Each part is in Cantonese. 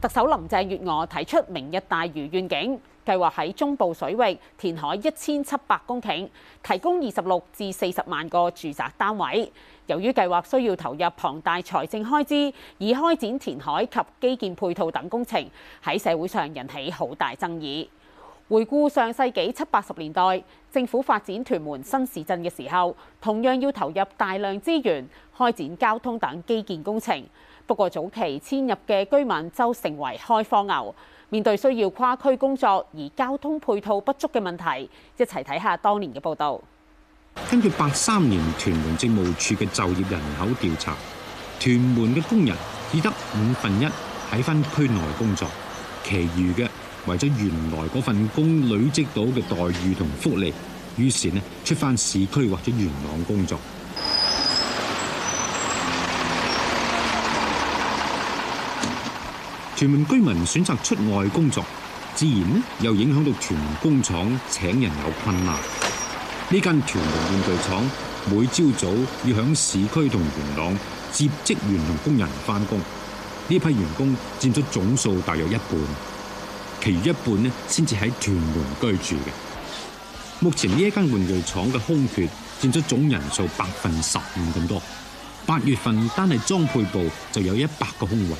特首林鄭月娥提出明日大嶼願景,計劃喺中部水域,填海一千七百公頃,提供二十六至四十萬個住宅單位。由於計劃需要投入龐大財政開支,以開展填海及基建配套等工程,喺社會上引起好大爭議。回顧上世紀七八十年代,政府發展屯門新市鎮嘅時候,同樣要投入大量資源,開展交通等基建工程。不過早期遷入嘅居民就成為開荒牛，面對需要跨區工作而交通配套不足嘅問題，一齊睇下當年嘅報導。根據八三年屯門政務處嘅就業人口調查，屯門嘅工人只得五分一喺翻區內工作，其餘嘅為咗原來嗰份工累積到嘅待遇同福利，於是呢，出翻市區或者元朗工作。屯門居民選擇出外工作，自然又影響到屯門工廠請人有困難。呢間屯門玩具廠每朝早要響市區同元朗接職員同工人翻工，呢批員工佔咗總數大約一半，其餘一半呢先至喺屯門居住嘅。目前呢間玩具廠嘅空缺佔咗總人數百分十五咁多，八月份單係裝配部就有一百個空位。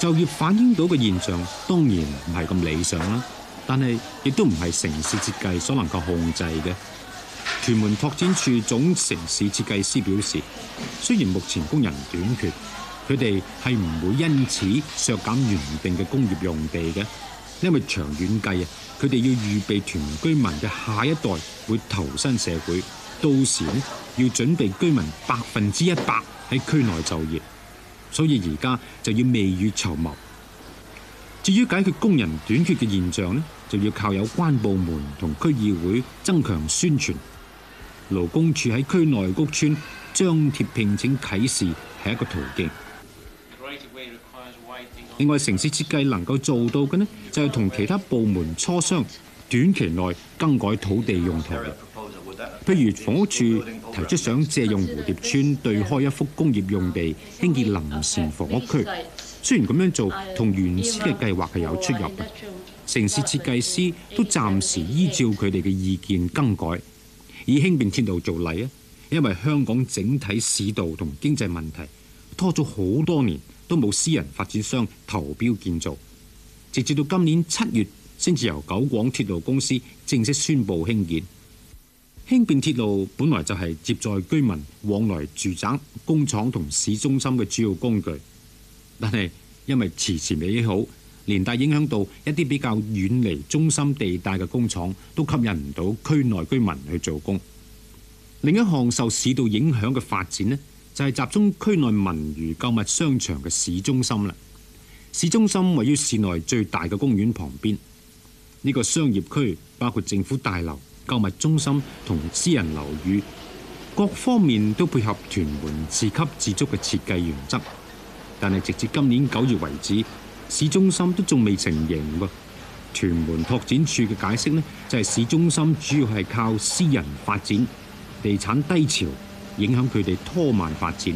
就業反映到嘅現象當然唔係咁理想啦，但係亦都唔係城市設計所能夠控制嘅。屯門拓展處總城市設計師表示，雖然目前工人短缺，佢哋係唔會因此削減原定嘅工業用地嘅，因為長遠計啊，佢哋要預備屯門居民嘅下一代會投身社會，到時咧要準備居民百分之一百喺區內就業。所以而家就要未雨綢繆。至於解決工人短缺嘅現象呢，就要靠有關部門同區議會增強宣傳。勞工處喺區內谷村張貼聘請啟事係一個途徑。另外，城市設計能夠做到嘅呢，就係同其他部門磋商，短期內更改土地用途。譬如房屋署提出想借用蝴蝶村對開一幅工業用地興建臨時房屋區，雖然咁樣做同原先嘅計劃係有出入嘅，城市設計師都暫時依照佢哋嘅意見更改。以輕便鐵道做例啊，因為香港整體市道同經濟問題拖咗好多年，都冇私人發展商投標建造，直至到今年七月先至由九廣鐵路公司正式宣布興建。輕便鐵路本來就係接載居民往來住宅、工廠同市中心嘅主要工具，但係因為遲遲未起好，連帶影響到一啲比較遠離中心地帶嘅工廠，都吸引唔到區內居民去做工。另一項受市道影響嘅發展呢，就係、是、集中區內文娛、購物商場嘅市中心啦。市中心位於市內最大嘅公園旁邊，呢、這個商業區包括政府大樓。購物中心同私人樓宇各方面都配合屯門自給自足嘅設計原則，但係直至今年九月為止，市中心都仲未成形喎。屯門拓展處嘅解釋呢，就係市中心主要係靠私人發展，地產低潮影響佢哋拖慢發展。